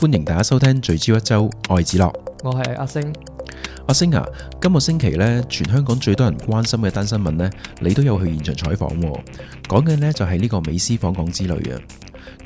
歡迎大家收聽聚焦一周，愛子樂，我係阿星。阿星啊，今個星期呢，全香港最多人關心嘅單新聞呢，你都有去現場採訪，啊，講緊呢，就係呢個美斯訪港之旅啊。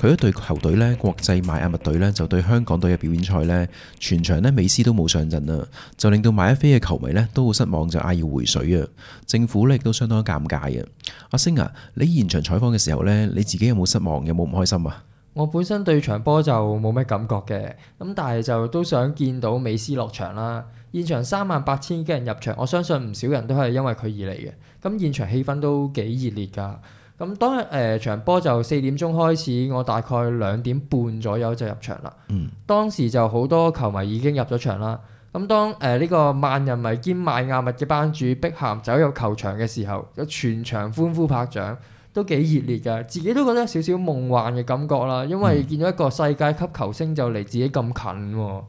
佢一隊球隊呢，國際邁阿密隊呢，就對香港隊嘅表演賽呢，全場呢美斯都冇上陣啊，就令到買咗飛嘅球迷呢都好失望，就嗌，要回水啊。政府呢亦都相當尷尬啊。阿星啊，你現場採訪嘅時候呢，你自己有冇失望，有冇唔開心啊？我本身對場波就冇咩感覺嘅，咁但係就都想見到美斯落場啦。現場三萬八千幾人入場，我相信唔少人都係因為佢而嚟嘅。咁現場氣氛都幾熱烈㗎。咁當誒、呃、場波就四點鐘開始，我大概兩點半左右就入場啦。嗯、當時就好多球迷已經入咗場啦。咁當誒呢、呃這個萬人迷兼邁阿密嘅班主碧鹹走入球場嘅時候，就全場歡呼拍掌。都幾熱烈㗎，自己都覺得少少夢幻嘅感覺啦。因為見到一個世界級球星就離自己咁近喎、哦。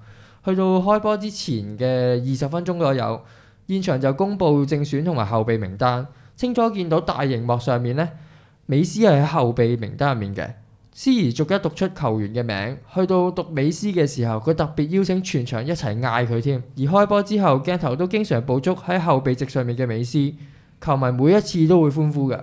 去到開波之前嘅二十分鐘左右，現場就公布正選同埋後備名單，清楚見到大熒幕上面呢，美斯係喺後備名單入面嘅。司儀逐一讀出球員嘅名，去到讀美斯嘅時候，佢特別邀請全場一齊嗌佢添。而開波之後，鏡頭都經常捕捉喺後備席上面嘅美斯，球迷每一次都會歡呼㗎。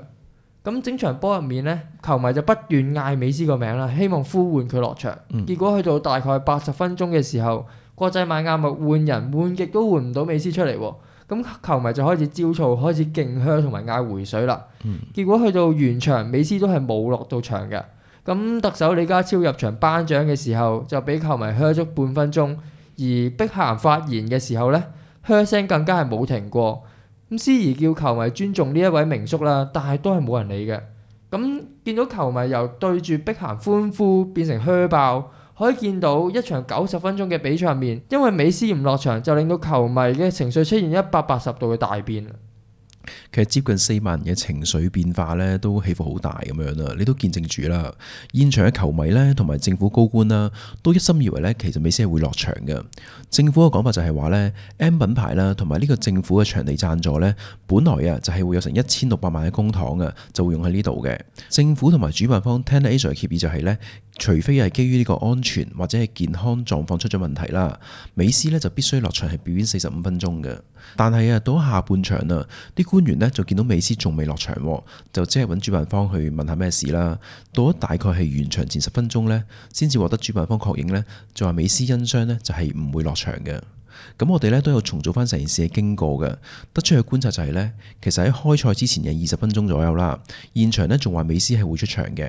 咁整場波入面咧，球迷就不斷嗌美斯個名啦，希望呼喚佢落場。結果去到大概八十分鐘嘅時候，嗯、國際邁阿密換人換極都換唔到美斯出嚟喎。咁球迷就開始焦躁，開始勁靴同埋嗌回水啦。嗯、結果去到完場，美斯都係冇落到場嘅。咁特首李家超入場頒獎嘅時候，就俾球迷靴足半分鐘；而碧咸發言嘅時候咧，靴聲更加係冇停過。咁司儀叫球迷尊重呢一位名宿啦，但係都係冇人理嘅。咁見到球迷由對住碧咸歡呼變成噓爆，可以見到一場九十分鐘嘅比賽入面，因為美斯唔落場，就令到球迷嘅情緒出現一百八十度嘅大變。其實接近四萬人嘅情緒變化咧，都起伏好大咁樣啦。你都見證住啦，現場嘅球迷咧，同埋政府高官啦，都一心以為咧，其實美斯會落場嘅。政府嘅講法就係話咧，M 品牌啦，同埋呢個政府嘅場地贊助咧，本來啊，就係會有成一千六百萬嘅公帑啊，就會用喺呢度嘅。政府同埋主辦方 Ten Asia 嘅協議就係咧。除非係基於呢個安全或者係健康狀況出咗問題啦，美斯呢就必須落場係表演四十五分鐘嘅。但係啊，到咗下半場呀，啲官員呢就見到美斯仲未落場，就即係揾主辦方去問下咩事啦。到咗大概係完場前十分鐘呢，先至獲得主辦方確認呢，就話美斯因傷呢就係唔會落場嘅。咁我哋咧都有重組翻成件事嘅經過嘅，得出嘅觀察就係呢，其實喺開賽之前嘅二十分鐘左右啦，現場呢仲話美斯係會出場嘅，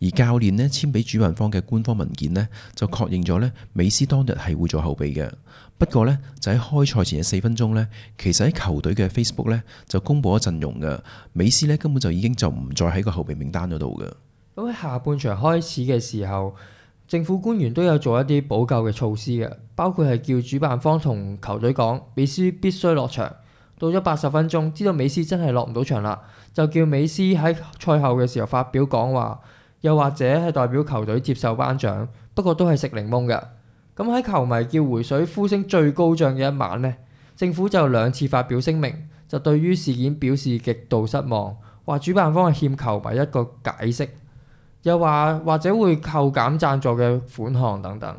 而教練呢簽俾主辦方嘅官方文件呢就確認咗呢，美斯當日係會做後備嘅。不過呢，就喺開賽前嘅四分鐘呢，其實喺球隊嘅 Facebook 呢就公布咗陣容嘅，美斯呢根本就已經就唔再喺個後備名單嗰度嘅。咁喺下半場開始嘅時候，政府官員都有做一啲補救嘅措施嘅，包括係叫主辦方同球隊講，美斯必須落場。到咗八十分鐘，知道美斯真係落唔到場啦，就叫美斯喺賽後嘅時候發表講話，又或者係代表球隊接受頒獎。不過都係食檸檬嘅。咁喺球迷叫回水呼聲最高漲嘅一晚呢，政府就兩次發表聲明，就對於事件表示極度失望，話主辦方係欠球迷一個解釋。又話或者會扣減贊助嘅款項等等。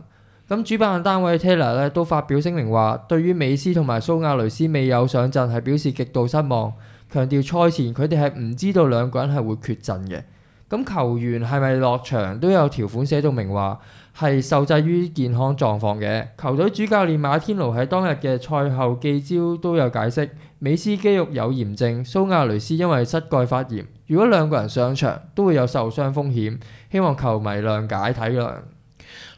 咁主辦單位 Taylor 呢都發表聲明話，對於美斯同埋蘇亞雷斯未有上陣係表示極度失望，強調賽前佢哋係唔知道兩個人係會缺陣嘅。咁球員係咪落場都有條款寫到明話係受制於健康狀況嘅？球隊主教練馬天奴喺當日嘅賽後記招都有解釋，美斯肌肉有炎症，蘇亞雷斯因為膝蓋發炎，如果兩個人上場都會有受傷風險，希望球迷諒解體諒。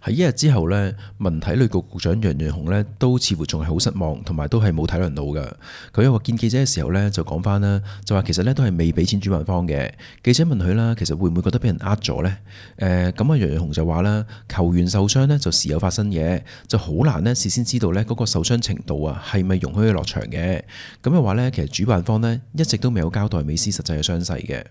喺一日之後呢，文體旅局局長楊潤雄呢都似乎仲係好失望，同埋都係冇體諒到嘅。佢有個見記者嘅時候呢就講翻啦，就話其實呢都係未俾錢主辦方嘅。記者問佢啦，其實會唔會覺得俾人呃咗呢？誒，咁啊，楊潤雄就話啦，球員受傷呢就時有發生嘅，就好難呢事先知道呢嗰個受傷程度啊，係咪容許佢落場嘅？咁又話呢，其實主辦方呢一直都未有交代美斯實際嘅傷勢嘅。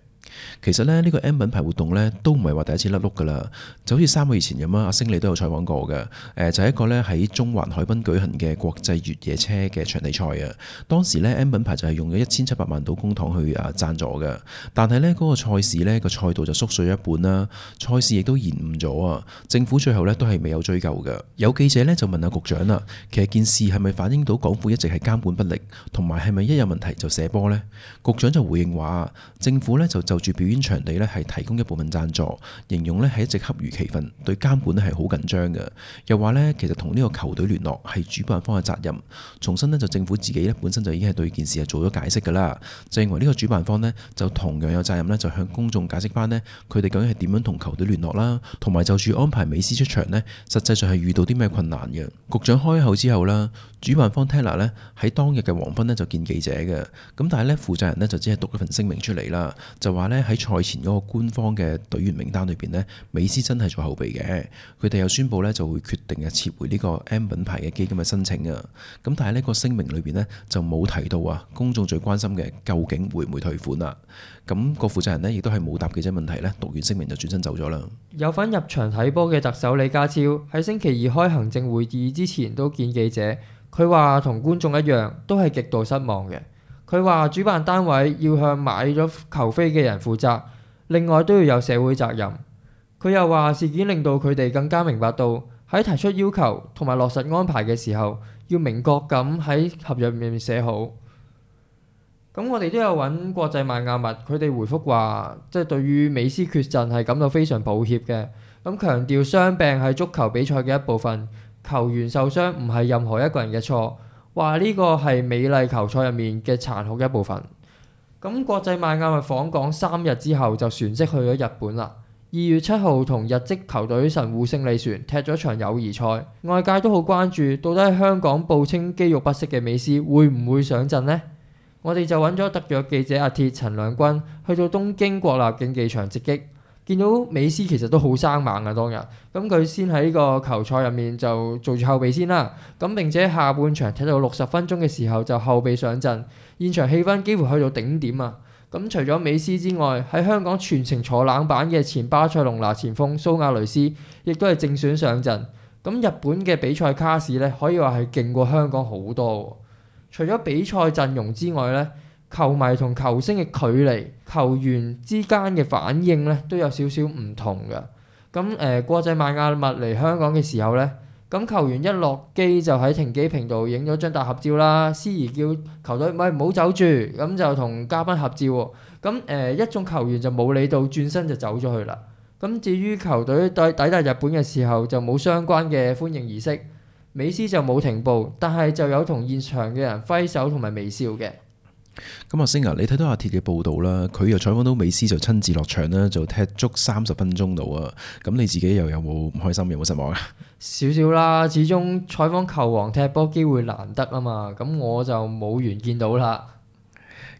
其實呢，呢個 M 品牌活動呢，都唔係話第一次甩碌噶啦，就好似三個月前咁啊，阿星你都有採訪過嘅，誒、呃、就係、是、一個呢喺中環海濱舉行嘅國際越野車嘅場地賽啊。當時呢 M 品牌就係用咗一千七百萬度公帑去啊贊助嘅，但係呢，嗰、那個賽事呢，個賽道就縮水一半啦，賽事亦都延誤咗啊。政府最後呢，都係未有追究嘅。有記者呢，就問下局長啦，「其實件事係咪反映到港府一直係監管不力，同埋係咪一有問題就射波呢？」局長就回應話，政府呢，就。就住表演場地呢，係提供一部分贊助，形容呢，係一直恰如其分，對監管咧係好緊張嘅。又話呢，其實同呢個球隊聯絡，係主辦方嘅責任。重新呢，就政府自己呢，本身就已經係對件事係做咗解釋噶啦，就認為呢個主辦方呢，就同樣有責任呢，就向公眾解釋翻呢，佢哋究竟係點樣同球隊聯絡啦，同埋就住安排美斯出場呢，實際上係遇到啲咩困難嘅。局長開口之後啦，主辦方 Teller 咧喺當日嘅黃昏呢，就見記者嘅，咁但係呢，負責人呢，就只係讀一份聲明出嚟啦，就話。話呢，喺賽前嗰個官方嘅隊員名單裏邊呢，美斯真係做後備嘅。佢哋又宣布呢，就會決定啊，撤回呢個 M 品牌嘅基金嘅申請啊。咁但係呢個聲明裏邊呢，就冇提到啊，公眾最關心嘅究竟會唔會退款啊？咁個負責人呢，亦都係冇答記者問題呢，讀完聲明就轉身走咗啦。有份入場睇波嘅特首李家超喺星期二開行政會議之前都見記者，佢話同觀眾一樣都係極度失望嘅。佢話：主辦單位要向買咗球飛嘅人負責，另外都要有社會責任。佢又話：事件令到佢哋更加明白到喺提出要求同埋落實安排嘅時候，要明確咁喺合約面寫好。咁我哋都有揾國際邁阿密，佢哋回覆話：即係對於美斯缺陣係感到非常抱歉嘅，咁強調傷病係足球比賽嘅一部分，球員受傷唔係任何一個人嘅錯。話呢，這個係美麗球賽入面嘅殘酷一部分。咁，嗯、國際邁亞密訪港三日之後就船即去咗日本啦。二月七號同日職球隊神戶勝利船踢咗場友誼賽，外界都好關注到底喺香港報稱肌肉不適嘅美斯會唔會上陣呢？我哋就揾咗特約記者阿鐵陳亮軍去到東京國立競技場直擊。見到美斯其實都好生猛啊！當日，咁佢先喺個球賽入面就做住後備先啦，咁並且下半場踢到六十分鐘嘅時候就後備上陣，現場氣氛幾乎去到頂點啊！咁除咗美斯之外，喺香港全程坐冷板嘅前巴塞隆拿前鋒蘇亞雷斯，亦都係正選上陣。咁日本嘅比賽卡士咧，可以話係勁過香港好多啊。除咗比賽陣容之外咧，球迷同球星嘅距離，球員之間嘅反應呢，都有少少唔同㗎。咁、呃、誒，國際邁亞密嚟香港嘅時候呢，咁球員一落機就喺停機坪度影咗張大合照啦。司儀叫球隊唔唔好走住，咁就同嘉賓合照啊。咁誒、呃、一眾球員就冇理到，轉身就走咗去啦。咁至於球隊抵抵達日本嘅時候，就冇相關嘅歡迎儀式。美斯就冇停步，但係就有同現場嘅人揮手同埋微笑嘅。咁啊，阿星啊，你睇到阿鐵嘅報道啦，佢又採訪到美斯就親自落場啦，就踢足三十分鐘度啊！咁你自己又有冇唔開心，有冇失望啊？少少啦，始終採訪球王踢波機會難得啊嘛，咁我就冇緣見到啦。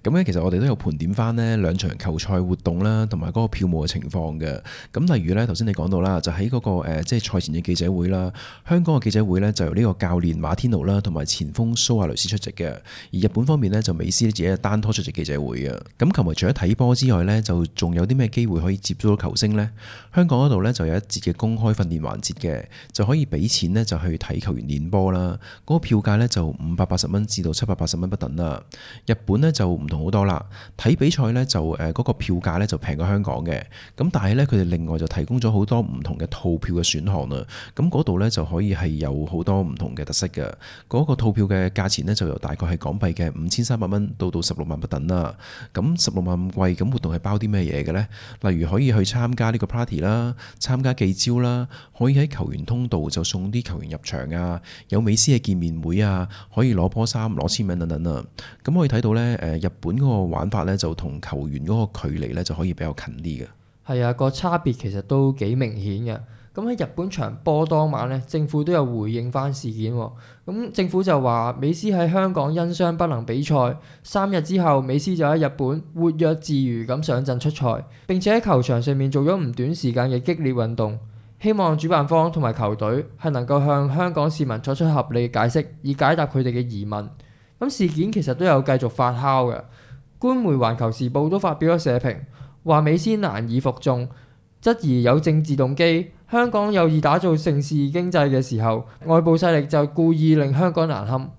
咁咧，其實我哋都有盤點翻呢兩場球賽活動啦，同埋嗰個票務嘅情況嘅。咁例如呢，頭先你講到啦，就喺嗰個誒即係賽前嘅記者會啦，香港嘅記者會呢，就由呢個教練馬天奴啦同埋前鋒蘇亞雷斯出席嘅。而日本方面呢，就美斯自己單拖出席記者會嘅。咁琴日除咗睇波之外呢，就仲有啲咩機會可以接觸到球星呢？香港嗰度呢，就有一節嘅公開訓練環節嘅，就可以俾錢呢，就去睇球員練波啦。嗰個票價呢，就五百八十蚊至到七百八十蚊不等啦。日本呢，就唔好多啦，睇比賽呢，就誒嗰個票價呢，就平過香港嘅，咁但係呢，佢哋另外就提供咗好多唔同嘅套票嘅選項啊，咁嗰度呢，就可以係有好多唔同嘅特色嘅，嗰個套票嘅價錢呢，就由大概係港幣嘅五千三百蚊到到十六萬不等啦，咁十六萬咁貴，咁活動係包啲咩嘢嘅呢？例如可以去參加呢個 party 啦，參加記招啦，可以喺球員通道就送啲球員入場啊，有美斯嘅見面會啊，可以攞波衫、攞簽名等等啊，咁可以睇到呢。誒入。本嗰個玩法咧，就同球員嗰個距離咧，就可以比較近啲嘅。係啊，個差別其實都幾明顯嘅。咁喺日本場波當晚咧，政府都有回應返事件喎。咁政府就話，美斯喺香港因傷不能比賽，三日之後美斯就喺日本活躍自如咁上陣出賽，並且喺球場上面做咗唔短時間嘅激烈運動。希望主辦方同埋球隊係能夠向香港市民作出合理嘅解釋，以解答佢哋嘅疑問。咁事件其實都有繼續發酵嘅。官媒《環球時報》都發表咗社評，話美斯難以服眾，質疑有政治動機。香港有意打造城市經濟嘅時候，外部勢力就故意令香港難堪。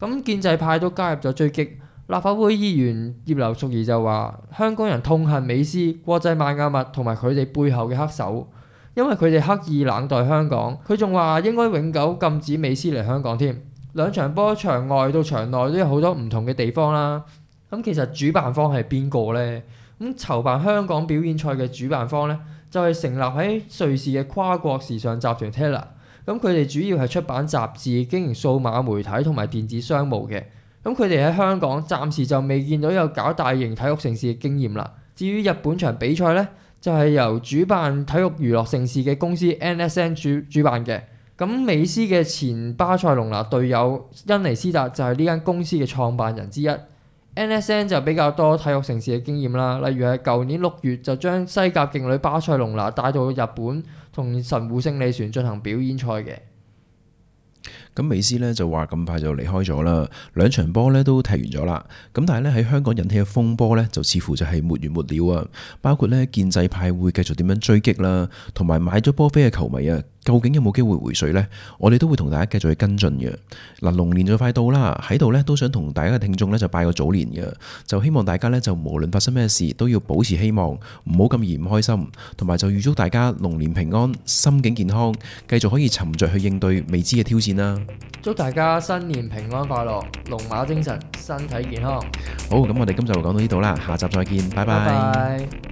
咁建制派都加入咗追擊，立法會議員葉劉淑儀就話：香港人痛恨美斯、國際邁阿密同埋佢哋背後嘅黑手，因為佢哋刻意冷待香港。佢仲話應該永久禁止美斯嚟香港添。兩場波，場外到場內都有好多唔同嘅地方啦。咁其實主辦方係邊個呢？咁籌辦香港表演賽嘅主辦方咧，就係成立喺瑞士嘅跨國時尚集團 Tatler。咁佢哋主要係出版雜誌、經營數碼媒體同埋電子商務嘅。咁佢哋喺香港暫時就未見到有搞大型體育盛事嘅經驗啦。至於日本場比賽咧，就係由主辦體育娛樂盛事嘅公司 NSN 主主辦嘅。咁美斯嘅前巴塞隆拿隊友恩尼斯達就係呢間公司嘅創辦人之一，N S N 就比較多體育城市嘅經驗啦。例如係舊年六月就將西甲勁旅巴塞隆拿帶到日本同神戶勝利船進行表演賽嘅。咁美斯呢就話咁快就離開咗啦，兩場波呢都踢完咗啦。咁但係呢，喺香港引起嘅風波呢，就似乎就係沒完沒了啊！包括呢，建制派會繼續點樣追擊啦、啊，同埋買咗波飛嘅球迷啊！究竟有冇機會回水呢？我哋都會同大家繼續去跟進嘅。嗱，龍年就快到啦，喺度呢都想同大家嘅聽眾呢就拜個早年嘅，就希望大家呢，就無論發生咩事都要保持希望，唔好咁而唔開心，同埋就預祝大家龍年平安，心境健康，繼續可以沉着去應對未知嘅挑戰啦。祝大家新年平安快樂，龍馬精神，身體健康。好，咁我哋今集就講到呢度啦，下集再見，拜拜。拜拜。